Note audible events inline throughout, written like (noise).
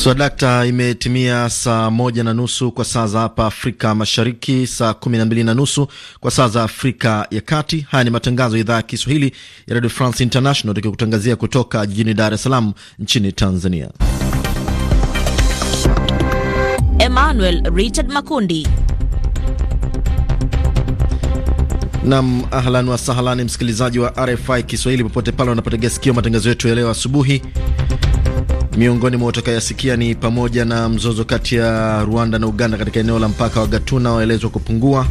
Swadakta, imetimia saa moja na nusu kwa saa za hapa Afrika Mashariki, saa kumi na mbili na nusu kwa saa za Afrika ya Kati. Haya ni matangazo ya idhaa ya Kiswahili ya Radio France International, tukikutangazia kutoka jijini Dar es Salaam nchini Tanzania. Emmanuel Richard Makundi. Nam, ahlan wasahlan, msikilizaji wa RFI Kiswahili popote pale unapotega sikio matangazo yetu ya leo asubuhi. Miongoni mwa utakayasikia ni pamoja na mzozo kati ya Rwanda na Uganda katika eneo la mpaka wa Gatuna waelezwa kupungua,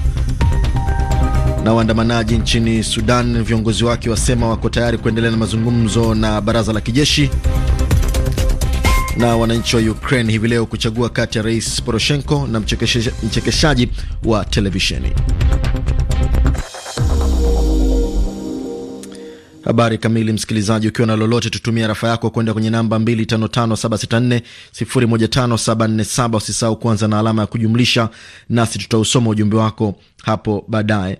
na waandamanaji nchini Sudan viongozi wake wasema wako tayari kuendelea na mazungumzo na baraza la kijeshi, na wananchi wa Ukraine hivi leo kuchagua kati ya Rais Poroshenko na mchekeshaji wa televisheni. Habari kamili, msikilizaji, ukiwa na lolote, tutumia rafa yako kwenda kwenye namba 255764015747. Usisahau kuanza na alama ya kujumlisha, nasi tutausoma ujumbe wako hapo baadaye.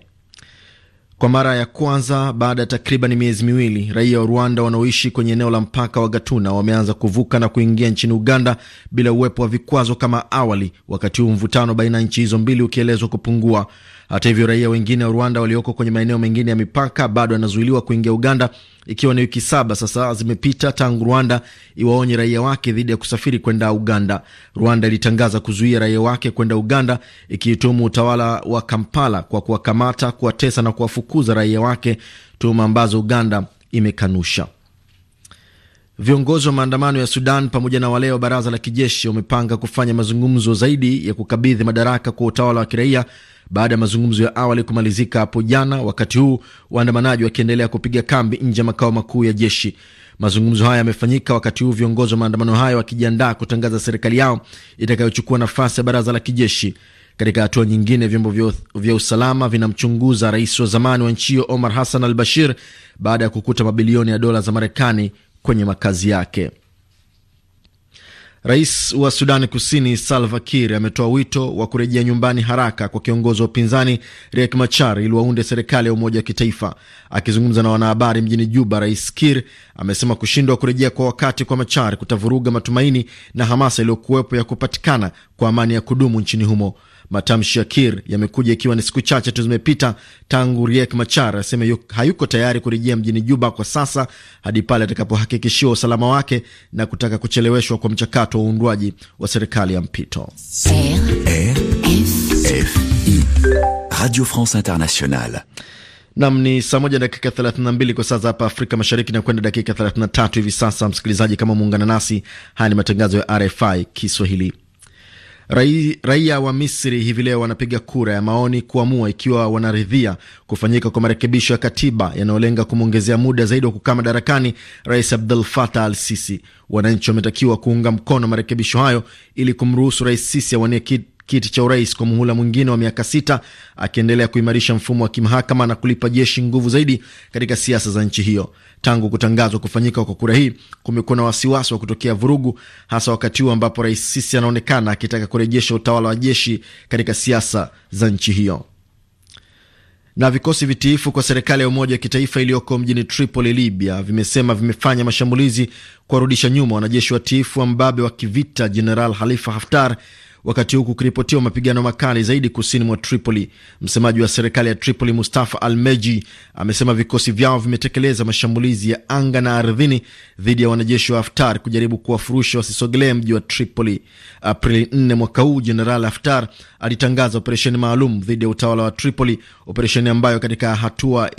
Kwa mara ya kwanza baada ya takriban miezi miwili, raia wa Rwanda wanaoishi kwenye eneo la mpaka wa Gatuna wameanza kuvuka na kuingia nchini Uganda bila uwepo wa vikwazo kama awali, wakati huu mvutano baina ya nchi hizo mbili ukielezwa kupungua. Hata hivyo, raia wengine wa Rwanda walioko kwenye maeneo mengine ya mipaka bado wanazuiliwa kuingia Uganda, ikiwa ni wiki saba sasa zimepita tangu Rwanda iwaonye raia wake dhidi ya kusafiri kwenda Uganda. Rwanda ilitangaza kuzuia raia wake kwenda Uganda, ikiitumu utawala wa Kampala kwa kuwakamata, kuwatesa na kuwafukuza raia wake, tuhuma ambazo Uganda imekanusha. Viongozi wa maandamano ya Sudan pamoja na wale wa baraza la kijeshi wamepanga kufanya mazungumzo zaidi ya kukabidhi madaraka kwa utawala wa kiraia baada ya mazungumzo ya awali kumalizika hapo jana, wakati huu waandamanaji wakiendelea kupiga kambi nje ya makao makuu ya jeshi. Mazungumzo haya yamefanyika wakati huu viongozi wa maandamano hayo wakijiandaa kutangaza serikali yao itakayochukua nafasi ya baraza la kijeshi. Katika hatua nyingine, vyombo vya usalama vinamchunguza rais wa zamani wa nchi hiyo Omar Hassan al Bashir baada ya kukuta mabilioni ya dola za Marekani kwenye makazi yake. Rais wa Sudani Kusini Salva Kiir ametoa wito wa kurejea nyumbani haraka kwa kiongozi wa upinzani Riek Machar ili waunde serikali ya umoja wa kitaifa. Akizungumza na wanahabari mjini Juba, Rais Kiir amesema kushindwa kurejea kwa wakati kwa Machar kutavuruga matumaini na hamasa iliyokuwepo ya kupatikana kwa amani ya kudumu nchini humo. Matamshi ya Kir yamekuja ikiwa ni siku chache tu zimepita tangu Riek Machar aseme hayuko tayari kurejea mjini Juba kwa sasa hadi pale atakapohakikishiwa usalama wake na kutaka kucheleweshwa kwa mchakato wa uundwaji wa serikali ya mpito. Radio France Internationale. Nam ni saa moja dakika 32 kwa saa za hapa Afrika Mashariki na kwenda dakika 33 hivi sasa. Msikilizaji, kama muungana nasi, haya ni matangazo ya RFI Kiswahili raia wa Misri hivi leo wanapiga kura ya maoni kuamua ikiwa wanaridhia kufanyika kwa marekebisho ya katiba yanayolenga kumwongezea muda zaidi wa kukaa madarakani Rais abdul fatah al Sisi. Wananchi wametakiwa kuunga mkono marekebisho hayo ili kumruhusu Rais Sisi awanie kiti cha urais kwa muhula mwingine wa miaka sita, akiendelea kuimarisha mfumo wa kimahakama na kulipa jeshi nguvu zaidi katika siasa za nchi hiyo. Tangu kutangazwa kufanyika kwa kura hii, kumekuwa na wasiwasi wa kutokea vurugu, hasa wakati huu ambapo Rais Sisi anaonekana akitaka kurejesha utawala wa jeshi katika siasa za nchi hiyo. Na vikosi vitiifu kwa serikali ya umoja wa kitaifa iliyoko mjini Tripoli, Libya, vimesema vimefanya mashambulizi kuwarudisha nyuma wanajeshi watiifu wa mbabe wa kivita Jeneral Halifa Haftar wakati huu kukiripotiwa mapigano makali zaidi kusini mwa Tripoli. Msemaji wa serikali ya Tripoli, Mustafa Al Meji, amesema vikosi vyao vimetekeleza mashambulizi ya anga na ardhini dhidi ya wanajeshi wa Haftar kujaribu kuwafurusha wasisogelee mji wa Tripoli. Aprili 4 mwaka huu, Jeneral Haftar alitangaza operesheni maalum dhidi ya utawala wa Tripoli, operesheni ambayo katika hatua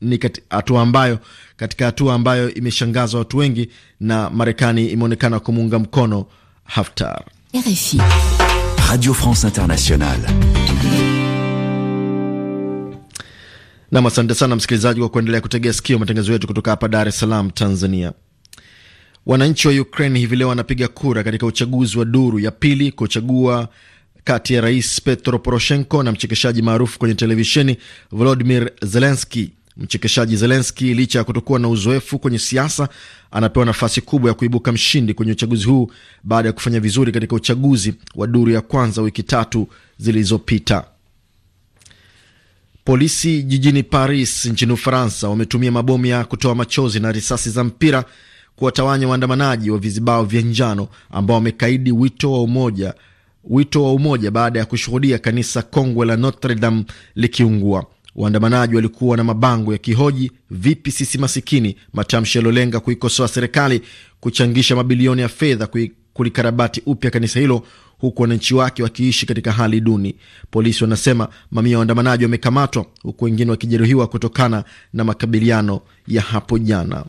ni hatua ambayo katika hatua ambayo imeshangaza watu wengi na Marekani imeonekana kumuunga mkono Haftar. RFI. Radio France Internationale. Nam, asante sana msikilizaji kwa kuendelea kutegea sikio matangazo yetu kutoka hapa Dar es Salaam, Tanzania. Wananchi wa Ukraine hivi leo wanapiga kura katika uchaguzi wa duru ya pili kuchagua kati ya rais Petro Poroshenko na mchekeshaji maarufu kwenye televisheni Volodimir Zelenski. Mchekeshaji Zelenski, licha ya kutokuwa na uzoefu kwenye siasa, anapewa nafasi kubwa ya kuibuka mshindi kwenye uchaguzi huu baada ya kufanya vizuri katika uchaguzi wa duru ya kwanza wiki tatu zilizopita. Polisi jijini Paris nchini Ufaransa wametumia mabomu ya kutoa machozi na risasi za mpira kuwatawanya waandamanaji wa vizibao vya njano ambao wamekaidi wito wa umoja wito wa umoja baada ya kushuhudia kanisa kongwe la Notre Dame likiungua. Waandamanaji walikuwa na mabango ya kihoji vipi sisi masikini, matamshi yaliolenga kuikosoa serikali kuchangisha mabilioni ya fedha kulikarabati upya kanisa hilo huku wananchi wake wakiishi katika hali duni. Polisi wanasema mamia ya waandamanaji wamekamatwa huku wengine wakijeruhiwa kutokana na makabiliano ya hapo jana.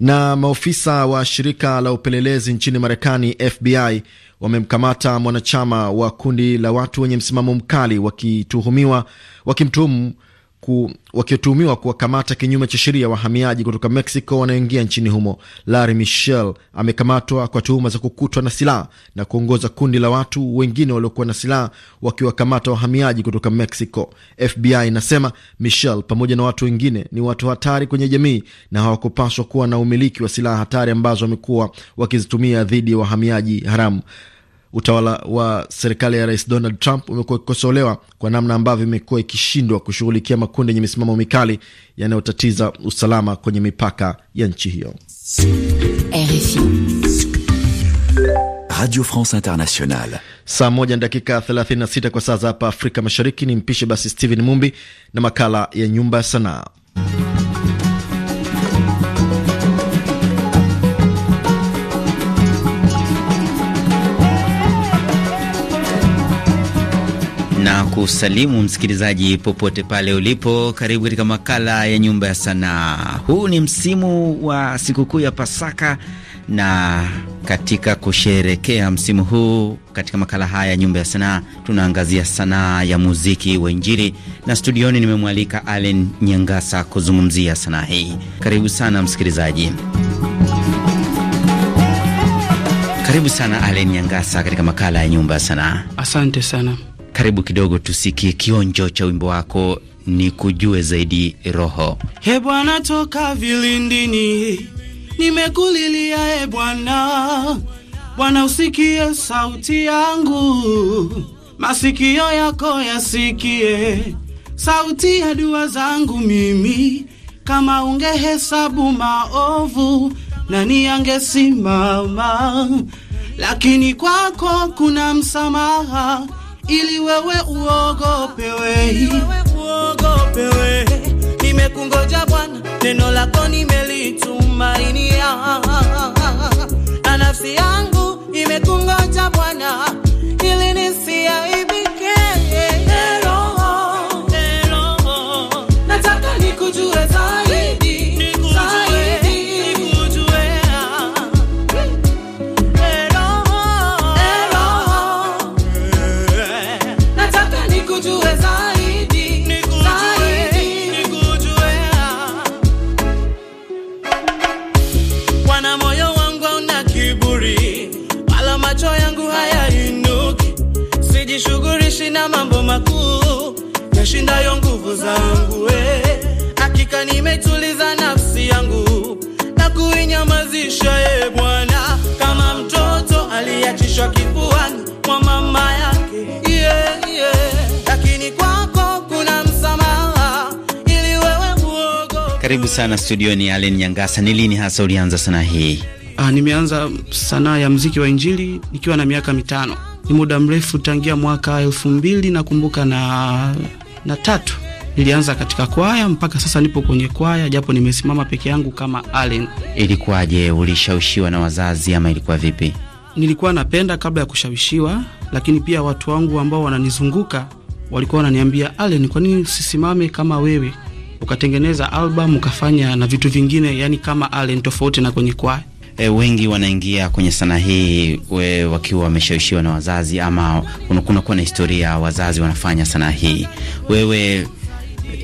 Na maofisa wa shirika la upelelezi nchini Marekani FBI wamemkamata mwanachama wa kundi la watu wenye msimamo mkali wakituhumiwa wakimtuhumu ku, wakituhumiwa kuwakamata kinyume cha sheria wahamiaji kutoka Mexico wanaoingia nchini humo. Larry Michel amekamatwa kwa tuhuma za kukutwa na silaha na kuongoza kundi la watu wengine waliokuwa na silaha wakiwakamata wahamiaji kutoka Mexico. FBI inasema Michel pamoja na watu wengine ni watu hatari kwenye jamii na hawakupaswa kuwa na umiliki wa silaha hatari ambazo wamekuwa wakizitumia dhidi ya wahamiaji haramu utawala wa serikali ya Rais Donald Trump umekuwa ukikosolewa kwa namna ambavyo imekuwa ikishindwa kushughulikia makundi yenye misimamo mikali yanayotatiza usalama kwenye mipaka ya nchi hiyo. RFI Radio France Internationale, saa moja na dakika 36 kwa saa za hapa Afrika Mashariki. Ni mpishe basi Steven Mumbi na makala ya Nyumba ya Sanaa. kusalimu msikilizaji popote pale ulipo. Karibu katika makala ya Nyumba ya Sanaa. Huu ni msimu wa sikukuu ya Pasaka, na katika kusherekea msimu huu, katika makala haya ya Nyumba ya Sanaa tunaangazia sanaa ya muziki wa Injili, na studioni nimemwalika Allen Nyangasa kuzungumzia sanaa hii. Karibu sana msikilizaji. Karibu sana Allen Nyangasa katika makala ya Nyumba ya Sanaa. Asante sana. Karibu kidogo tusikie kionjo cha wimbo wako ni kujue zaidi roho. He Bwana, toka vilindini nimekulilia, e Bwana, Bwana usikie sauti yangu, masikio yako yasikie sauti ya dua zangu mimi. Kama ungehesabu maovu nani angesimama? Lakini kwako kuna msamaha ili wewe uogopewe, uogopewe. Nimekungoja Bwana, neno lako nimelitumainia, na nafsi yangu imekungoja Bwana ili nisia mambo makuu yashindayo nguvu zangu we hakika nimetuliza nafsi yangu na kuinyamazisha ye bwana kama mtoto aliachishwa kifuani mwa mama yake yeah, yeah. lakini kwako kuna msamaha ili wewe uogo karibu sana studioni Allen nyangasa ni lini hasa ulianza sanaa hii Ah, nimeanza sanaa ya mziki wa Injili nikiwa na miaka mitano ni muda mrefu tangia mwaka elfu mbili nakumbuka na, na tatu nilianza katika kwaya mpaka sasa nipo kwenye kwaya japo nimesimama peke yangu kama Allen. Ilikuwaje, ulishawishiwa na wazazi ama ilikuwa vipi? Nilikuwa napenda kabla ya kushawishiwa, lakini pia watu wangu ambao wananizunguka walikuwa wananiambia, Allen, kwa nini usisimame kama wewe ukatengeneza album ukafanya na vitu vingine, yani kama Allen, tofauti na kwenye kwaya e, wengi wanaingia kwenye sanaa hii we, wakiwa wameshawishiwa na wazazi ama kunakuwa na historia wazazi wanafanya sanaa hii. Wewe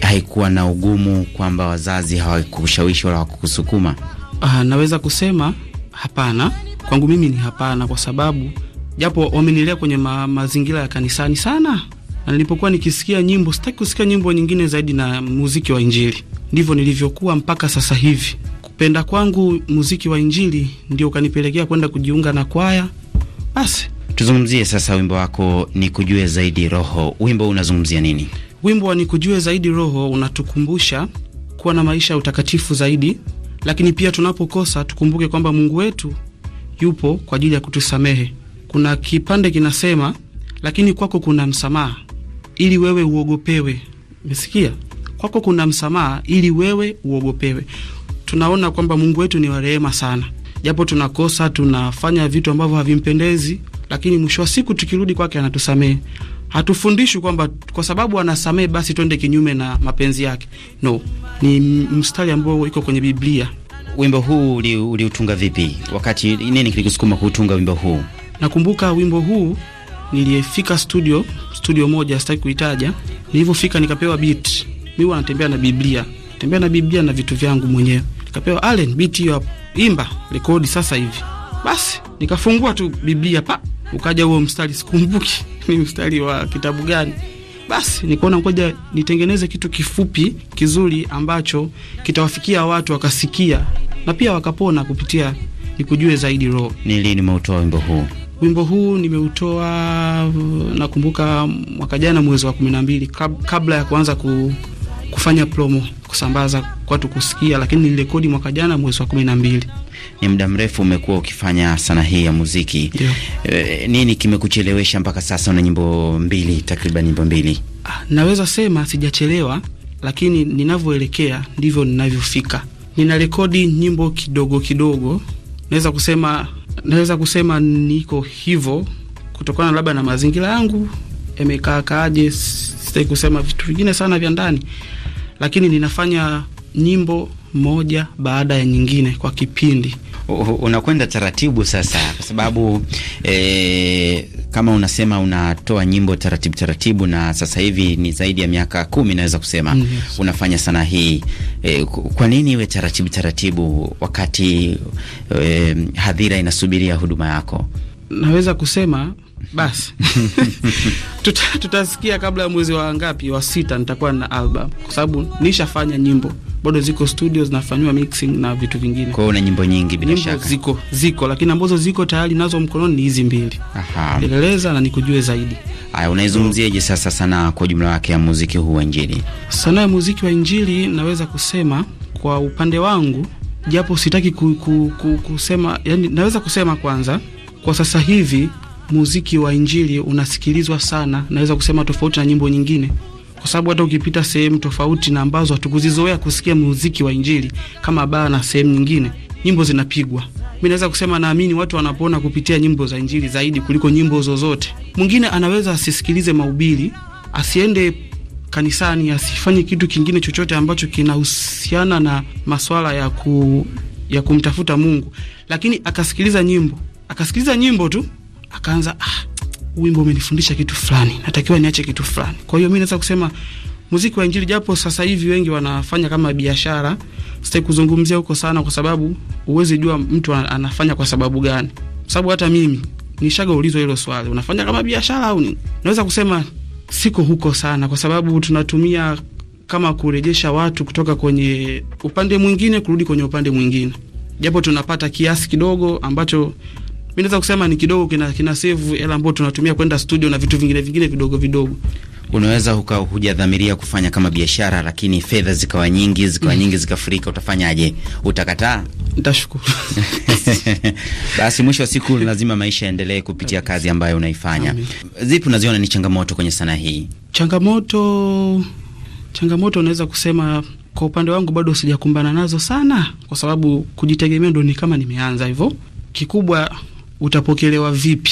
haikuwa na ugumu kwamba wazazi hawakushawishi wala hawakusukuma? Ah, naweza kusema hapana, kwangu mimi ni hapana, kwa sababu japo wamenilea kwenye ma, mazingira ya kanisani sana, na nilipokuwa nikisikia nyimbo sitaki kusikia nyimbo nyingine zaidi na muziki wa Injili. Ndivyo nilivyokuwa mpaka sasa hivi penda kwangu muziki wa Injili ndio ukanipelekea kwenda kujiunga na kwaya. Basi tuzungumzie sasa wimbo wako ni kujue zaidi roho. Wimbo unazungumzia nini? Wimbo wa nikujue zaidi roho unatukumbusha kuwa na maisha ya utakatifu zaidi, lakini pia tunapokosa tukumbuke kwamba Mungu wetu yupo kwa ajili ya kutusamehe. Kuna kipande kinasema, lakini kwako kuna msamaha ili wewe uogopewe. Umesikia? Kwako kuna msamaha ili wewe uogopewe tunaona kwamba Mungu wetu ni wa rehema sana, japo tunakosa, tunafanya vitu ambavyo havimpendezi, lakini mwisho wa siku tukirudi kwake anatusamehe. Hatufundishwi kwamba kwa sababu anasamehe basi twende kinyume na mapenzi yake. No, ni mstari ambao iko kwenye Biblia. Wimbo huu uliutunga uli vipi? Wakati nini kilikusukuma kuutunga wimbo huu? Nakumbuka wimbo huu niliyefika studio, studio moja sitaki kuitaja. Nilivyofika nikapewa beat, mimi huwa natembea na Biblia, tembea na Biblia na vitu vyangu mwenyewe nikapewa Allen biti ya imba rekodi sasa hivi. Basi nikafungua tu Biblia pa, ukaja huo mstari, sikumbuki (laughs) ni mstari wa kitabu gani. Basi nikuona ngoja nitengeneze kitu kifupi kizuri ambacho kitawafikia watu wakasikia na pia wakapona kupitia nikujue zaidi roho. Ni lini nimeutoa wimbo huu? Wimbo huu nimeutoa uh, nakumbuka mwaka jana mwezi wa kumi na mbili, kabla ya kuanza ku, kufanya promo kusambaza kwatu kusikia, lakini nilirekodi mwaka jana mwezi wa kumi na mbili. Ni muda mrefu umekuwa ukifanya sanaa hii ya muziki e, nini kimekuchelewesha mpaka sasa? Una nyimbo mbili, takriban nyimbo mbili. Ah, naweza sema sijachelewa, lakini ninavyoelekea ndivyo ninavyofika. Nina rekodi nyimbo kidogo kidogo, naweza kusema naweza kusema niko hivyo kutokana labda na mazingira yangu yamekaakaaje. Sitaki kusema vitu vingine sana vya ndani, lakini ninafanya nyimbo moja baada ya nyingine kwa kipindi. Unakwenda taratibu sasa, kwa sababu e, kama unasema unatoa nyimbo taratibu taratibu, na sasa hivi ni zaidi ya miaka kumi naweza kusema mm, yes. Unafanya sana hii e, kwa nini iwe taratibu taratibu wakati e, hadhira inasubiria huduma yako? Naweza kusema basi (laughs) Tuta, tutasikia kabla ya mwezi wa ngapi, wa sita, nitakuwa na album, kwa sababu nishafanya nyimbo bado ziko studio zinafanywa mixing na vitu vingine. Kwa hiyo una nyimbo nyingi bila nyimbo shaka. Ziko, ziko lakini ambazo ziko tayari nazo mkononi ni hizi mbili. Aha. Eleleza na nikujue zaidi. Haya, unaizungumziaje sasa sana kwa jumla yake ya muziki huu wa Injili? Sana ya muziki wa Injili naweza kusema kwa upande wangu, japo sitaki ku, ku, ku, kusema, yani naweza kusema kwanza kwa sasa hivi muziki wa injili unasikilizwa sana, naweza kusema tofauti na nyimbo nyingine, kwa sababu hata ukipita sehemu tofauti na ambazo hatukuzizoea kusikia muziki wa injili kama baa na sehemu nyingine, nyimbo zinapigwa. Mi naweza kusema naamini watu wanapona kupitia nyimbo za injili zaidi kuliko nyimbo zozote. Mwingine anaweza asisikilize mahubiri, asiende kanisani, asifanye kitu kingine chochote ambacho kinahusiana na maswala ya ku, ya kumtafuta Mungu, lakini akasikiliza nyimbo, akasikiliza nyimbo tu akaanza ah, wimbo umenifundisha kitu fulani, natakiwa niache kitu fulani. Kwa hiyo mimi naweza kusema muziki wa injili, japo sasa hivi wengi wanafanya kama biashara, sitaki kuzungumzia huko sana, kwa sababu uwezi jua mtu anafanya kwa sababu gani, sababu hata mimi nishaga ulizo hilo swali, unafanya kama biashara au nini? Naweza kusema siko huko sana, kwa sababu tunatumia kama kurejesha watu kutoka kwenye upande mwingine kurudi kwenye upande mwingine, japo tunapata kiasi kidogo ambacho mimi naweza kusema ni kidogo kina, kina save hela ambayo tunatumia kwenda studio na vitu vingine vingine vidogo vidogo. Unaweza uka hujadhamiria kufanya kama biashara, lakini fedha zikawa nyingi zikawa nyingi zikafurika, utafanyaje? Utakataa? Nitashukuru. (laughs) Basi mwisho wa siku lazima maisha yaendelee kupitia kazi ambayo unaifanya. Zipi unaziona ni changamoto kwenye sanaa hii? Changamoto, changamoto unaweza kusema kwa upande wangu bado sijakumbana nazo sana, kwa sababu kujitegemea ndo ni kama nimeanza hivyo. Kikubwa utapokelewa vipi?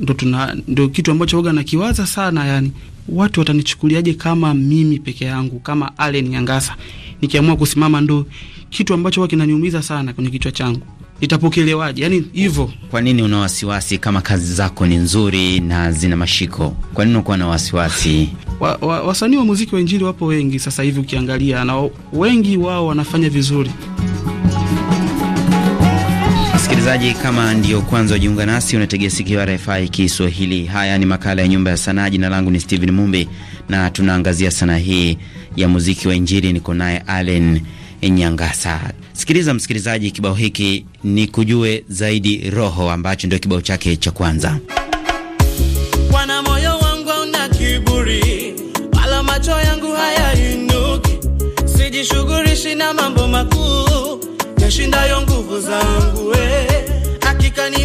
Ndo tuna ndo kitu ambacho waga nakiwaza sana, yani watu watanichukuliaje kama mimi peke yangu, kama Allen Nyangasa nikiamua kusimama, ndo kitu ambacho huwa kinaniumiza sana kwenye kichwa changu itapokelewaje? Yani hivyo. Kwa nini una wasiwasi kama kazi zako ni nzuri na zina mashiko? Kwa nini unakuwa na wasiwasi? wa, wa, wasanii wa muziki wa injili wapo wengi sasa hivi ukiangalia, na wengi wao wanafanya vizuri Msikilizaji, kama ndio kwanza ujiunga nasi, unategea sikio RFI Kiswahili. Haya ni makala ya Nyumba ya Sanaa. Jina langu ni Steven Mumbi na tunaangazia sanaa hii ya muziki wa Injili. Niko naye Allen Nyangasa. Sikiliza msikilizaji, kibao hiki ni kujue zaidi roho, ambacho ndio kibao chake cha kwanza. Bwana, moyo wangu una kiburi, wala macho yangu hayainuki, sijishughulishi na mambo makuu yashindayo nguvu zangu we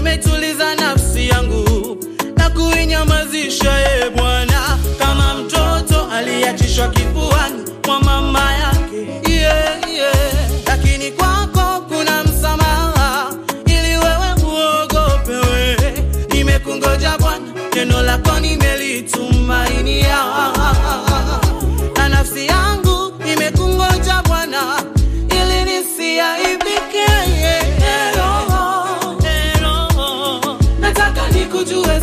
umetuliza nafsi yangu na kuinyamazisha, e Bwana, kama mtoto aliachishwa kifuani kwa mama yake yeah, yeah. Lakini kwako kuna msamaha, ili wewe uogopewe. Nimekungoja Bwana, neno lako nimelitumainia, na nafsi yangu imekungoja Bwana ili nisiaibike.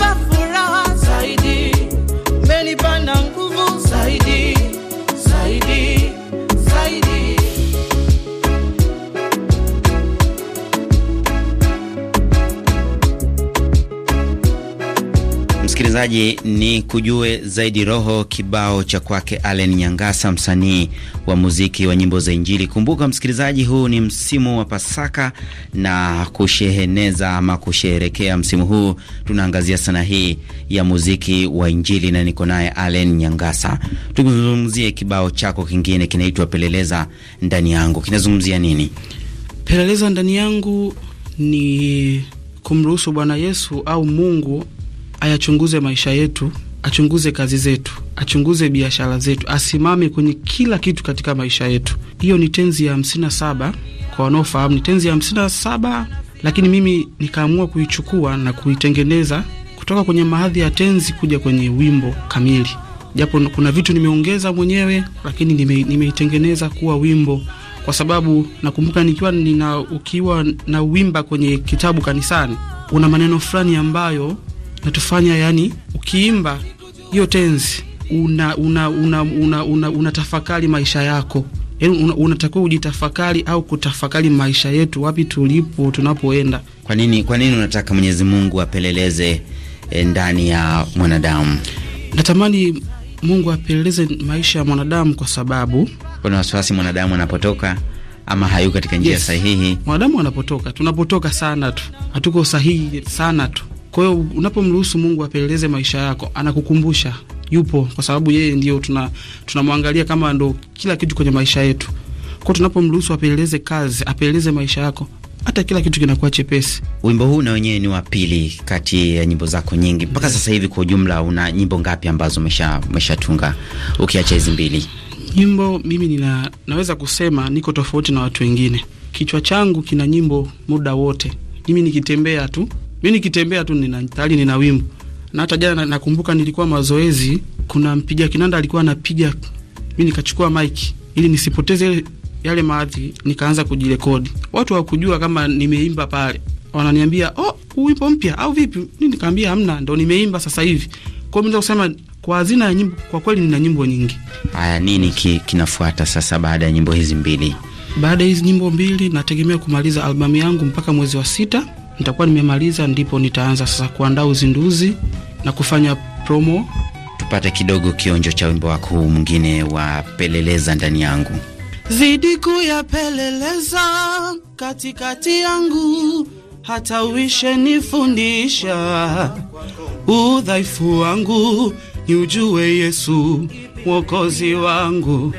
Many furaha zaidi, na nguvu zaidi. Msikilizaji, ni kujue zaidi roho kibao cha kwake Allen Nyangasa, msanii wa muziki wa nyimbo za Injili. Kumbuka msikilizaji, huu ni msimu wa Pasaka na kusheheneza ama kusheherekea msimu huu, tunaangazia sana hii ya muziki wa Injili na niko naye Allen Nyangasa. Tuzungumzie kibao chako kingine kinaitwa Peleleza ndani yangu, kinazungumzia nini? Peleleza ndani yangu ni kumruhusu Bwana Yesu au Mungu ayachunguze maisha yetu, achunguze kazi zetu, achunguze biashara zetu, asimame kwenye kila kitu katika maisha yetu. Hiyo ni tenzi ya hamsini na saba kwa wanaofahamu, ni tenzi ya hamsini na saba lakini mimi nikaamua kuichukua na kuitengeneza kutoka kwenye mahadhi ya tenzi kuja kwenye wimbo kamili, japo kuna vitu nimeongeza mwenyewe, lakini nime, nimeitengeneza kuwa wimbo kwa sababu nakumbuka nikiwa nina ukiwa na wimba kwenye kitabu kanisani, una maneno fulani ambayo natufanya yani, ukiimba hiyo tenzi una, una, una, una, una, una tafakari maisha yako yani, unatakiwa una ujitafakari au kutafakari maisha yetu, wapi tulipo, tunapoenda. Kwa nini, kwa nini unataka Mwenyezi Mungu apeleleze e, ndani ya mwanadamu? Natamani Mungu apeleleze maisha ya mwanadamu kwa sababu kuna wasiwasi mwanadamu anapotoka ama hayuko katika njia yes, sahihi. Mwanadamu anapotoka, tunapotoka sana tu, hatuko sahihi sana tu kwa hiyo unapomruhusu Mungu apeleleze maisha yako, anakukumbusha yupo, kwa sababu yeye ndio tuna tunamwangalia kama ndo kila kitu kwenye maisha yetu. Kwa tunapomruhusu apeleleze kazi, apeleleze maisha yako hata kila kitu kinakuwa chepesi. Wimbo huu na wenyewe ni wa pili kati ya nyimbo zako nyingi mpaka yeah. Sasa hivi kwa ujumla una nyimbo ngapi ambazo umeshatunga ukiacha hizi mbili nyimbo? Mimi nina, naweza kusema niko tofauti na watu wengine. Kichwa changu kina nyimbo muda wote. Mimi nikitembea tu mi nikitembea tu nina tayari nina wimbo. Na hata jana nakumbuka nilikuwa mazoezi, kuna mpiga kinanda alikuwa anapiga, mi nikachukua mic ili nisipoteze yale maadhi, nikaanza kujirekodi. Watu hawakujua kama nimeimba pale, wananiambia oh, uwimbo mpya au vipi? Mimi nikaambia hamna, ndo nimeimba sasa hivi. Kwa hiyo kusema kwa hazina ya nyimbo, kwa kweli nina nyimbo nyingi. Haya, nini ki, kinafuata sasa baada ya nyimbo hizi mbili? Baada ya hizi nyimbo mbili nategemea kumaliza albamu yangu mpaka mwezi wa sita nitakuwa nimemaliza, ndipo nitaanza sasa kuandaa uzinduzi na kufanya promo. Tupate kidogo kionjo cha wimbo wako huu mwingine wa peleleza ndani yangu zidi kuyapeleleza katikati yangu, hata uishe nifundisha udhaifu wangu, ni ujue Yesu mwokozi wangu.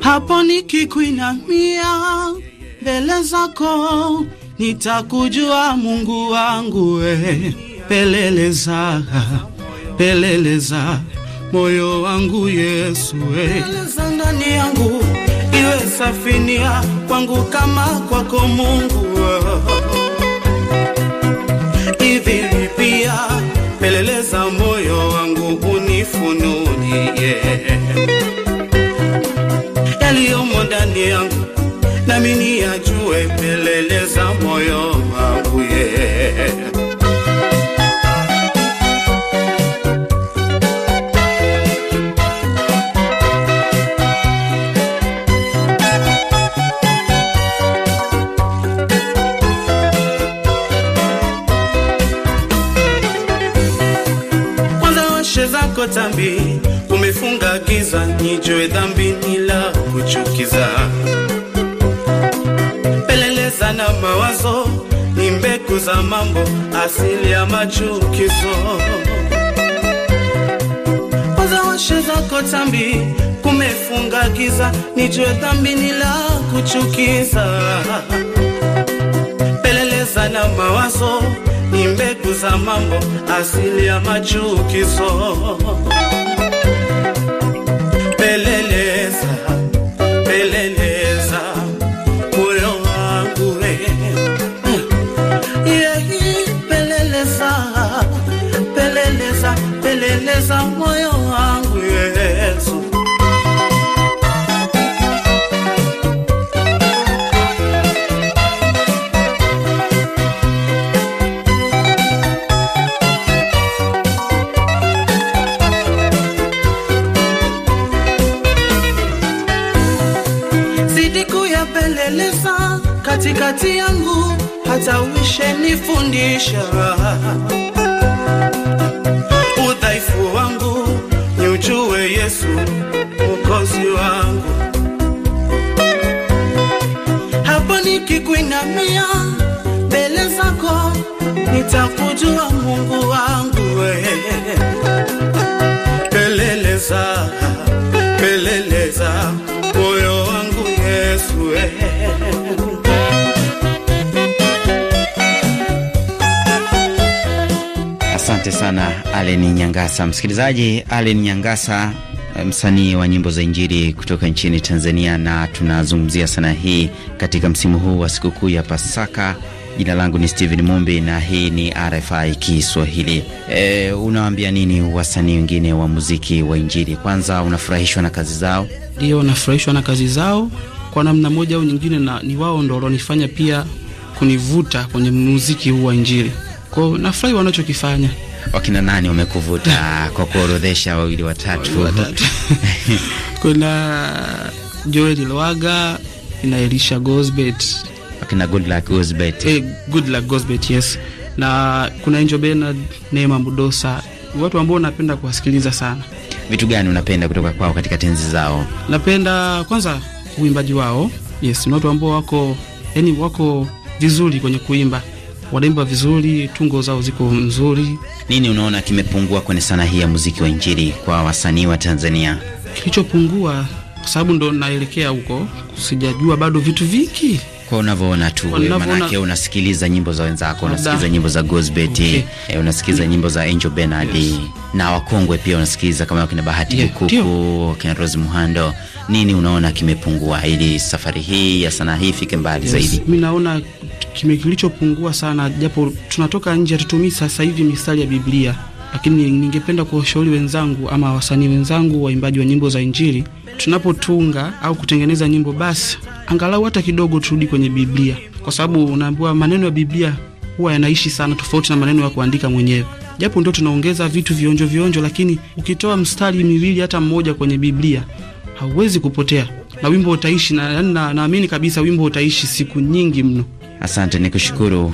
Hapo nikikuinamia mbele zako nitakujua Mungu wangu we, peleleza peleleza moyo wangu Yesu we, peleleza ndani yangu iwe safinia kwangu kama kwako Mungu hivi pia peleleza moyo wangu unifunulie yeah. yaliyomo ndani yangu nami niyajue, peleleza moyo wangu yeye za mambo asili ya machukizo. Oza zako tambi, kumefunga giza, nijue dhambi ni la kuchukiza. Peleleza na mawazo, ni mbegu za mambo asili ya machukizo. umenifundisha udhaifu wangu, ni ujue Yesu mwokozi wangu. Hapo nikikuinamia mbele zako nitakujua Mungu wangu wewe Asante sana Allen Nyangasa. Msikilizaji, Allen Nyangasa msanii wa nyimbo za Injili kutoka nchini Tanzania, na tunazungumzia sanaa hii katika msimu huu wa sikukuu ya Pasaka. Jina langu ni Steven Mumbi na hii ni RFI Kiswahili. E, unawaambia nini wasanii wengine wa muziki wa Injili? Kwanza, unafurahishwa na kazi zao? Ndio, nafurahishwa na kazi zao kwa namna moja au nyingine, na ni wao ndo walionifanya pia kunivuta kwenye muziki huu wa Injili. Kwao nafurahi wanachokifanya wakina nani wamekuvuta (laughs) kwa kuorodhesha wawili watatu? watatu. (laughs) kuna Joel Lwaga na Elisha Gosbet, wakina Goodluck Gosbet. Hey, eh, Goodluck Gosbet, yes, na kuna Angel Bernard, Neema Mudosa, watu ambao napenda kuwasikiliza sana. Vitu gani unapenda kutoka kwao katika tenzi zao? Napenda kwanza uimbaji wao, yes, ni watu ambao wako yani wako vizuri kwenye kuimba wanaimba vizuri, tungo zao ziko nzuri. Nini unaona kimepungua kwenye sanaa hii ya muziki wa injili kwa wasanii wa Tanzania? Kilichopungua, kwa sababu ndo naelekea huko, sijajua bado vitu vingi kwa unavyoona tu manake unasikiliza nyimbo za wenzako, unasikiliza nyimbo za Gosbet, okay. Eh, unasikiliza nyimbo za Angel Bernard yes. na wakongwe pia unasikiliza kama kina Bahati yeah, Bukuku, kina Rose Muhando. Nini unaona kimepungua ili safari hii ya sanaa hii ifike mbali yes, zaidi? Mimi naona kime kilichopungua sana, japo tunatoka nje, hatutumii sasa hivi mistari ya Biblia, lakini ningependa kuwashauri wenzangu ama wasanii wenzangu waimbaji wa nyimbo za Injili, tunapotunga au kutengeneza nyimbo basi angalau hata kidogo turudi kwenye Biblia, kwa sababu unaambiwa maneno ya Biblia huwa yanaishi sana, tofauti na maneno ya kuandika mwenyewe. Japo ndio tunaongeza vitu vionjo vionjo, lakini ukitoa mstari miwili hata mmoja kwenye Biblia hauwezi kupotea, na wimbo utaishi, na yaani naamini na, na kabisa wimbo utaishi siku nyingi mno. Asante, nikushukuru.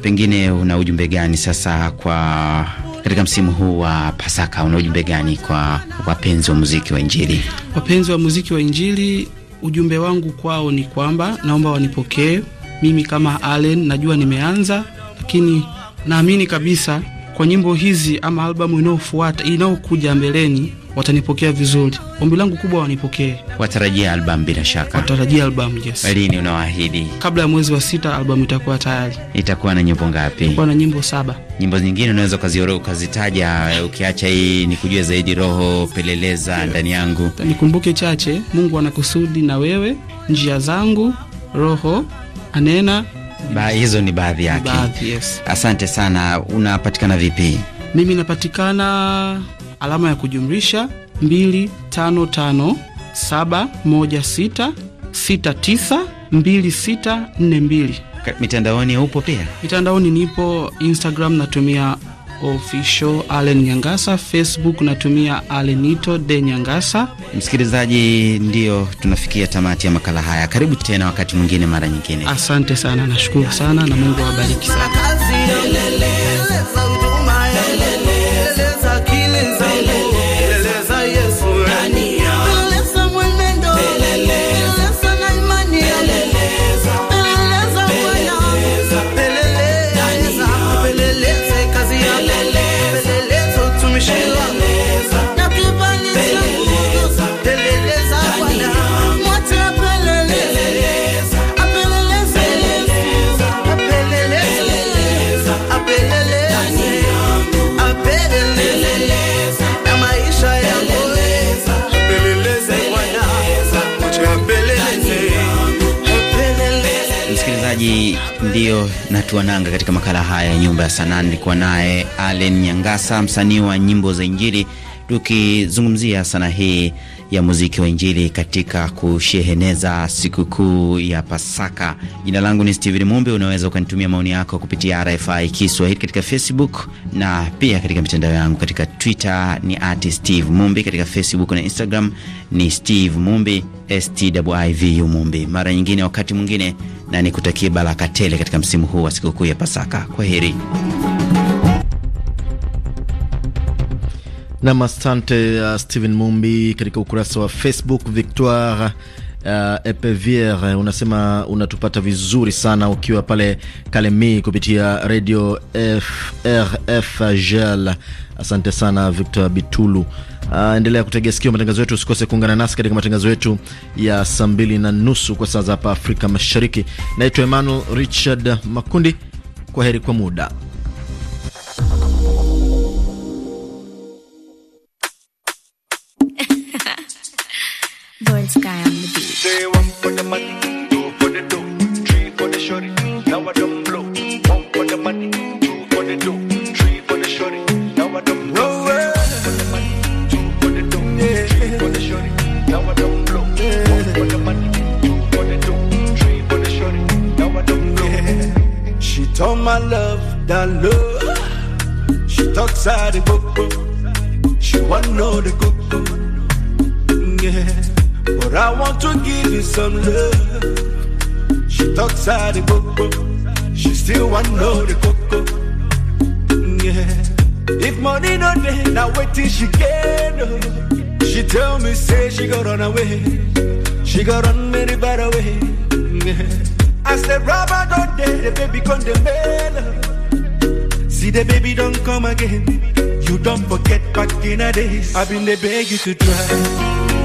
Pengine una ujumbe gani sasa kwa katika msimu huu wa Pasaka, una ujumbe gani kwa wapenzi wa muziki wa Injili? Wapenzi wa muziki wa Injili Ujumbe wangu kwao ni kwamba naomba wanipokee mimi kama Allen. Najua nimeanza, lakini naamini kabisa kwa nyimbo hizi ama albamu inayofuata inayokuja mbeleni watanipokea vizuri. Ombi langu kubwa wanipokee. Watarajia albamu bila shaka, watarajia albamu yes. Lini unawaahidi? Kabla ya mwezi wa sita albamu itakuwa tayari. Itakuwa na nyimbo ngapi? Itakuwa na nyimbo saba. Nyimbo zingine unaweza ukazitaja, ukiacha hii ni kujua zaidi, roho peleleza yeah. ndani yangu nikumbuke chache, Mungu anakusudi na wewe, njia zangu, roho anena ba, hizo ni baadhi yake. Baadhi, yes. Asante sana. Unapatikana vipi? Mimi napatikana alama ya kujumlisha 255716692642. Mitandaoni upo pia? Mitandaoni nipo Instagram, natumia official Allen Nyangasa, Facebook natumia Alenito de Nyangasa. Msikilizaji, ndiyo tunafikia tamati ya makala haya. Karibu tena wakati mwingine, mara nyingine. Asante sana, nashukuru sana na Mungu awabariki sana. ndio ndiyo natuananga katika makala haya ya nyumba ya sanaa. Nilikuwa naye Allen Nyangasa, msanii wa nyimbo za Injili, tukizungumzia sanaa hii ya muziki wa Injili katika kusheheneza sikukuu ya Pasaka. Jina langu ni Steven Mumbi. Unaweza ukanitumia maoni yako kupitia RFI Kiswahili katika Facebook na pia katika mitandao yangu. Katika Twitter ni at Steve Mumbi, katika Facebook na Instagram ni Steve Mumbi, Stivu Mumbi. Mara nyingine, wakati mwingine na nikutakie baraka tele katika msimu huu wa sikukuu ya Pasaka. Kwa heri. Nam, asante uh, Stephen Mumbi. Katika ukurasa wa Facebook Victoire uh, eh, EPVR eh, unasema unatupata vizuri sana ukiwa pale Kalemi kupitia radio FRF Gel. Asante sana Victor Bitulu. Uh, endelea kutegea sikio matangazo yetu, usikose kuungana nasi katika matangazo yetu ya saa mbili na nusu kwa saa za hapa Afrika Mashariki. Naitwa Emmanuel Richard Makundi, kwa heri kwa muda. Oh. She talks out the book, she want know the coco, oh. Yeah, but I want to give you some love. She talks out the book, she still want know the coco, oh. Yeah, if money no day, now till she get. Oh. She tell me say she got run away, she got run many bad away. Yeah. I said, Robert, don't dare, the baby, come the mellow the baby don't come again. You don't forget back in a day, I've been the beg you to try.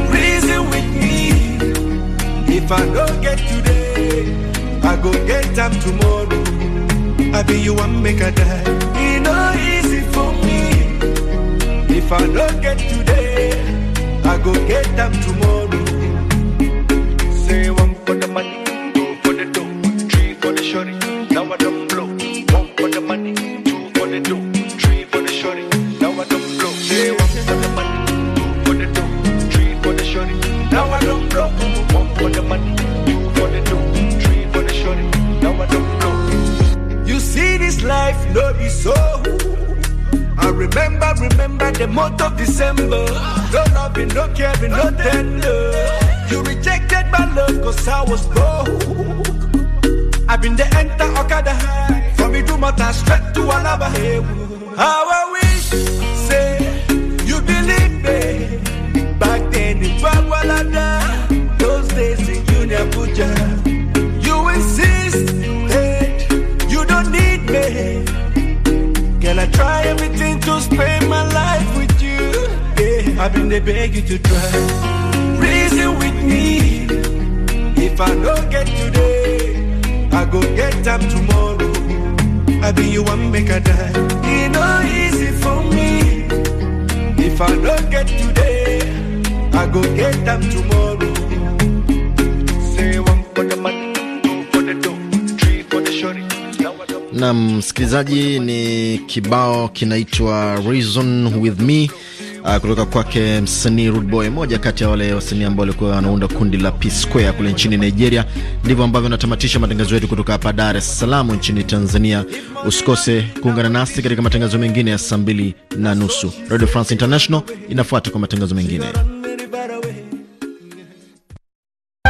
Reason with me. If I don't get today, I go get them tomorrow. I be you one make a die. It no easy for me. If I don't get today, I go get them tomorrow. Say one for the money, two for the dough, three for the shorty. Remember, remember the month of December. No loving, no caring, no tender. You rejected my love cause I was broke. I've been the enter Okada high. From me do matter straight to Alaba. How I wish, say, you believe me. Back then in Fagwalada, those days in Union Buja, you will see. to spend my life with you. Yeah, I've been they beg you to try. Reason with me. If I don't get today, I go get time tomorrow. I be you one make a die. It no easy for me. If I don't get today, I go get them tomorrow. na msikilizaji, ni kibao kinaitwa Reason With Me ah, kutoka kwake msanii Rudboy, moja kati ya wale wasanii ambao walikuwa wanaunda kundi la P Square kule nchini Nigeria. Ndivyo ambavyo natamatisha matangazo yetu kutoka hapa Dar es Salaam nchini Tanzania. Usikose kuungana nasi katika matangazo mengine ya saa mbili na nusu. Radio France International inafuata kwa matangazo mengine.